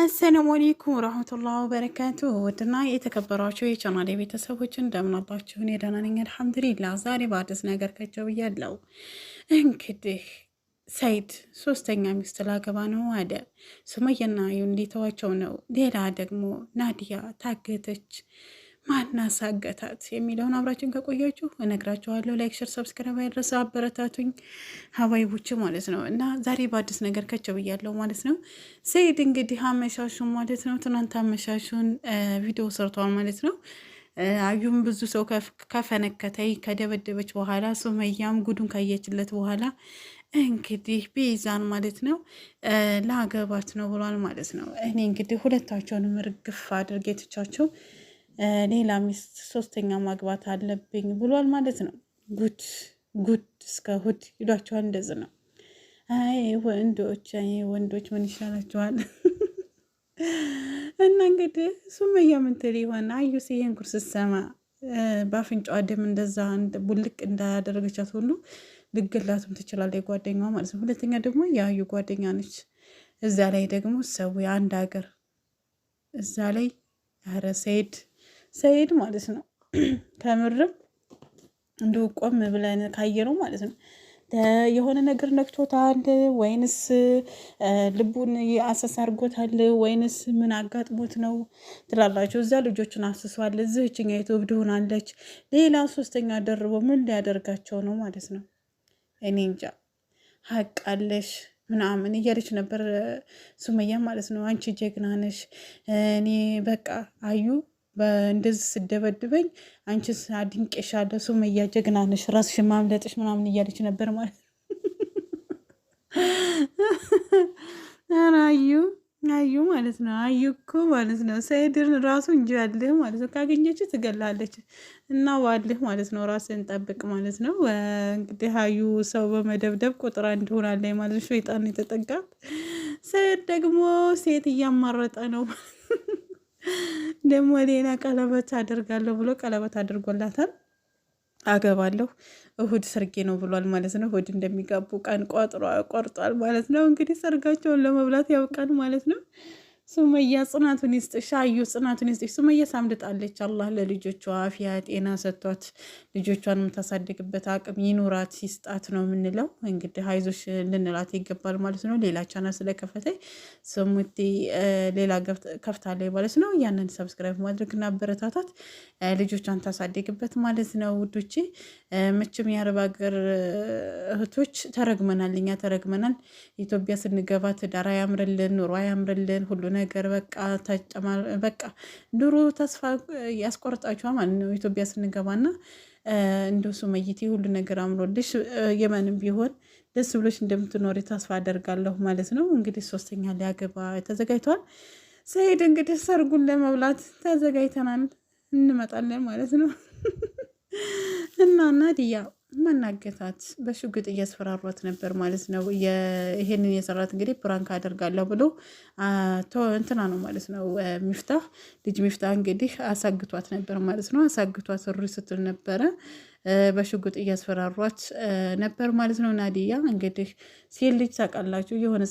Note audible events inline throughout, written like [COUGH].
አሰላሙ አሌይኩም ረህመቱላህ ወበረካቱ ውድና የተከበሯችሁ የቻናሌ ቤተሰቦች እንደምናባችሁን የደህና ነኝ፣ አልሐምዱሊላህ። ዛሬ በአዲስ ነገር ከቸው ብያለሁ። እንግዲህ ሰይድ ሶስተኛ ሚስት ላገባ ነው አለ። ሱመያና ዩን ሊተዋቸው ነው። ሌላ ደግሞ ናዲያ ታገተች። ማናሳገታት የሚለውን አብራችን ከቆያችሁ እነግራችኋለሁ። ላይክ፣ ሸር፣ ሰብስክራይብ ያደረሰ አበረታቱኝ ሀባይቦች ማለት ነው። እና ዛሬ በአዲስ ነገር ከቸው ብያለሁ ማለት ነው። ሰኢድ እንግዲህ አመሻሹን ማለት ነው ትናንት አመሻሹን ቪዲዮ ሰርቷል ማለት ነው። አዩም ብዙ ሰው ከፈነከተይ ከደበደበች በኋላ ሱመያም ጉዱን ካየችለት በኋላ እንግዲህ ቤዛን ማለት ነው ለአገባት ነው ብሏል ማለት ነው። እኔ እንግዲህ ሁለታቸውንም ርግፍ አድርጌ ትቻቸው ሌላ ሚስት ሶስተኛ ማግባት አለብኝ ብሏል ማለት ነው። ጉድ ጉድ እስከ ሁድ ይሏቸዋል። እንደዚህ ነው። አይ ወንዶች፣ አይ ወንዶች ምን ይሻላቸዋል? እና እንግዲህ ሱመያ ምን ትል ይሆን? አዩስ ይሄን ጉር ስትሰማ በአፍንጫዋ ደም እንደዛ ቡልቅ እንዳደረገቻት ሁሉ ልግላቱም ትችላለ የጓደኛዋ ማለት ነው። ሁለተኛ ደግሞ የአዩ ጓደኛ ነች። እዛ ላይ ደግሞ ሰው የአንድ ሀገር እዛ ላይ ኧረ ሰኢድ ማለት ነው። ከምርም እንዲሁ ቆም ብለን ነው ማለት ነው የሆነ ነገር ነክቶታል ወይንስ ልቡን አሰስ አድርጎታል ወይንስ ምን አጋጥሞት ነው ትላላቸው። እዛ ልጆችን አስሷል፣ እዚህ እችኛይቱ እብድ ሌላ ሶስተኛ ደርቦ ምን ሊያደርጋቸው ነው ማለት ነው? እኔ እንጃ። ሀቅ አለሽ ምናምን እያለች ነበር ሱመያ ማለት ነው። አንቺ ጀግና ነሽ፣ እኔ በቃ አዩ እንደዚህ ስደበድበኝ አንቺ አድንቄሻለሁ፣ ሱመያ ጀግና ነሽ፣ ራስሽን ማምለጥሽ ምናምን እያለች ነበር ማለት ነው። አዩ አዩ ማለት ነው። አዩ እኮ ማለት ነው ሰይድን ራሱ እንጂ ያልህ ማለት ነው። ካገኘች ትገላለች እና ዋልህ ማለት ነው። ራስን ጠብቅ ማለት ነው። እንግዲህ አዩ ሰው በመደብደብ ቁጥር አንድ ሆናለች ማለት ነው። ሸይጣን የተጠጋት ሰይድ ደግሞ ሴት እያማረጠ ነው ደግሞ ሌላ ቀለበት አደርጋለሁ ብሎ ቀለበት አድርጎላታል። አገባለሁ እሁድ ሰርጌ ነው ብሏል ማለት ነው። እሁድ እንደሚጋቡ ቀን ቆርጧል ማለት ነው። እንግዲህ ሰርጋቸውን ለመብላት ያውቃል ማለት ነው። ሱመያ ጽናቱን ይስጥሽ። አዩ ጽናቱን ይስጥሽ። ሱመያ ሳምድጣለች። አላህ ለልጆቿ አፍያ ጤና ሰጥቷት ልጆቿን የምታሳድግበት አቅም ይኑራት ይስጣት ነው የምንለው። እንግዲህ አይዞሽ ልንላት ይገባል ማለት ነው። ሌላ ቻና ስለከፈተ ስሙቲ ሌላ ከፍታለች ማለት ነው። ያንን ሰብስክራይብ ማድረግ እና አበረታታት ልጆቿን ታሳድግበት ማለት ነው። ውዶች መቼም የአረብ ሀገር እህቶች ተረግመናል፣ እኛ ተረግመናል። ኢትዮጵያ ስንገባ ትዳር አያምርልን፣ ኑሮ አያምርልን፣ ሁሉ ነገር ነገር በቃ ተጨማር በቃ ድሮ ተስፋ ያስቆርጣችኋል ማለት ነው። ኢትዮጵያ ስንገባና እንደ ሱመይት ሁሉ ነገር አምሮልሽ የመንም ቢሆን ደስ ብሎች እንደምትኖሪ ተስፋ አደርጋለሁ ማለት ነው። እንግዲህ ሶስተኛ ሊያገባ ተዘጋጅተዋል። ሰሄድ እንግዲህ ሰርጉን ለመብላት ተዘጋጅተናል እንመጣለን ማለት ነው [LAUGHS] እና እናድያ ማናገታት በሽጉጥ እያስፈራሯት ነበር ማለት ነው። ይሄንን የሰራት እንግዲህ ፕራንክ አደርጋለሁ ብሎ እንትና ነው ማለት ነው። ሚፍታህ ልጅ ሚፍታህ እንግዲህ አሳግቷት ነበር ማለት ነው። አሳግቷት ሪ ስትል ነበረ በሽጉጥ እያስፈራሯት ነበር ማለት ነው። ናዲያ እንግዲህ ሴት ልጅ ታውቃላችሁ፣ የሆነ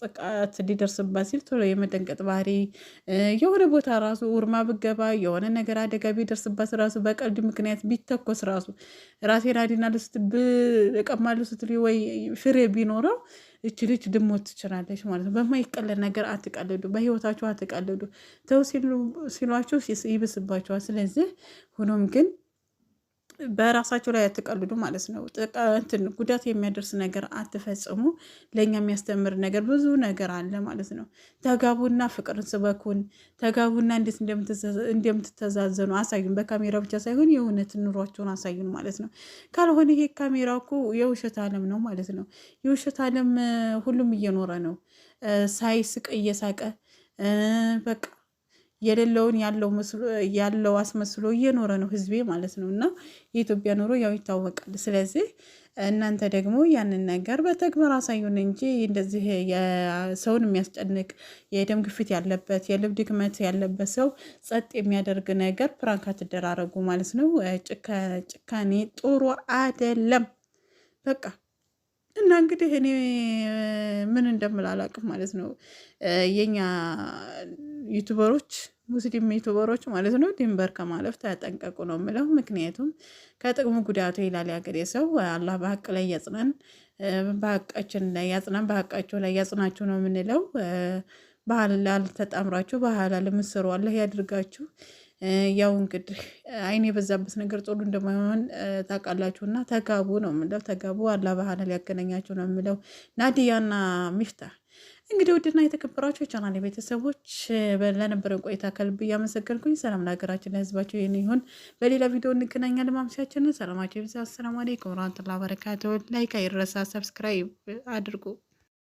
ጥቃት ሊደርስባት ሲል ቶሎ የመደንቀጥ ባህሪ፣ የሆነ ቦታ ራሱ ውርማ ብገባ፣ የሆነ ነገር አደጋ ቢደርስባት ራሱ በቀልድ ምክንያት ቢተኮስ ራሱ ራሴ ናዲና ልስት እቀማለሁ ስትል ወይ ፍሬ ቢኖረው እች ልጅ ድሞት ትችላለች ማለት ነው። በማይቀለድ ነገር አትቀልዱ፣ በህይወታችሁ አትቀልዱ። ተው ሲሏችሁ ይብስባችኋል። ስለዚህ ሆኖም ግን በራሳቸው ላይ አትቀልዱ ማለት ነው። እንትን ጉዳት የሚያደርስ ነገር አትፈጽሙ። ለእኛ የሚያስተምር ነገር ብዙ ነገር አለ ማለት ነው። ተጋቡና ፍቅርን ስበኩን፣ ተጋቡና እንዴት እንደምትተዛዘኑ አሳዩን። በካሜራ ብቻ ሳይሆን የእውነት ኑሯቸውን አሳዩን ማለት ነው። ካልሆነ ይሄ ካሜራ እኮ የውሸት ዓለም ነው ማለት ነው። የውሸት ዓለም ሁሉም እየኖረ ነው ሳይስቅ እየሳቀ በቃ የሌለውን ያለው አስመስሎ እየኖረ ነው ህዝቤ ማለት ነው። እና የኢትዮጵያ ኑሮ ያው ይታወቃል። ስለዚህ እናንተ ደግሞ ያንን ነገር በተግባር አሳዩን እንጂ እንደዚህ ሰውን የሚያስጨንቅ የደም ግፊት ያለበት የልብ ድክመት ያለበት ሰው ጸጥ የሚያደርግ ነገር ፕራንክ አትደራረጉ ማለት ነው። ጭካኔ ጥሩ አደለም። በቃ እና እንግዲህ እኔ ምን እንደምላላቅም ማለት ነው የኛ ዩቱበሮች ሙስሊም ዩቱበሮች ማለት ነው ድንበር ከማለፍ ተጠንቀቁ ነው የምለው። ምክንያቱም ከጥቅሙ ጉዳቱ ይላል ያገሬ ሰው። አላህ በሀቅ ላይ ያጽናን፣ በሀቃችን ላይ ያጽናን፣ በሀቃቸው ላይ ያጽናችሁ ነው የምንለው። ባህል ተጣምራችሁ ባህል የምትሰሩ አላህ ያድርጋችሁ። ያው እንግዲህ አይን የበዛበት ነገር ጥሩ እንደማይሆን ታውቃላችሁ። እና ተጋቡ ነው የምለው። ተጋቡ አላህ በሀላል ያገናኛችሁ ነው የምለው። ናዲያና ሚፍታ እንግዲህ ውድና የተከበራችሁ የቻናል ቤተሰቦች ለነበረን ቆይታ ከልብ እያመሰገንኩኝ ሰላም ለሀገራችን ለህዝባቸው ይህን ይሁን። በሌላ ቪዲዮ እንገናኛለን። ማምሻችንን ሰላማቸው ይብዛ። አሰላሙ አለይኩም ወራህመቱላሂ ወበረካቱህ። ላይክ አይረሳ፣ ሰብስክራይብ አድርጉ።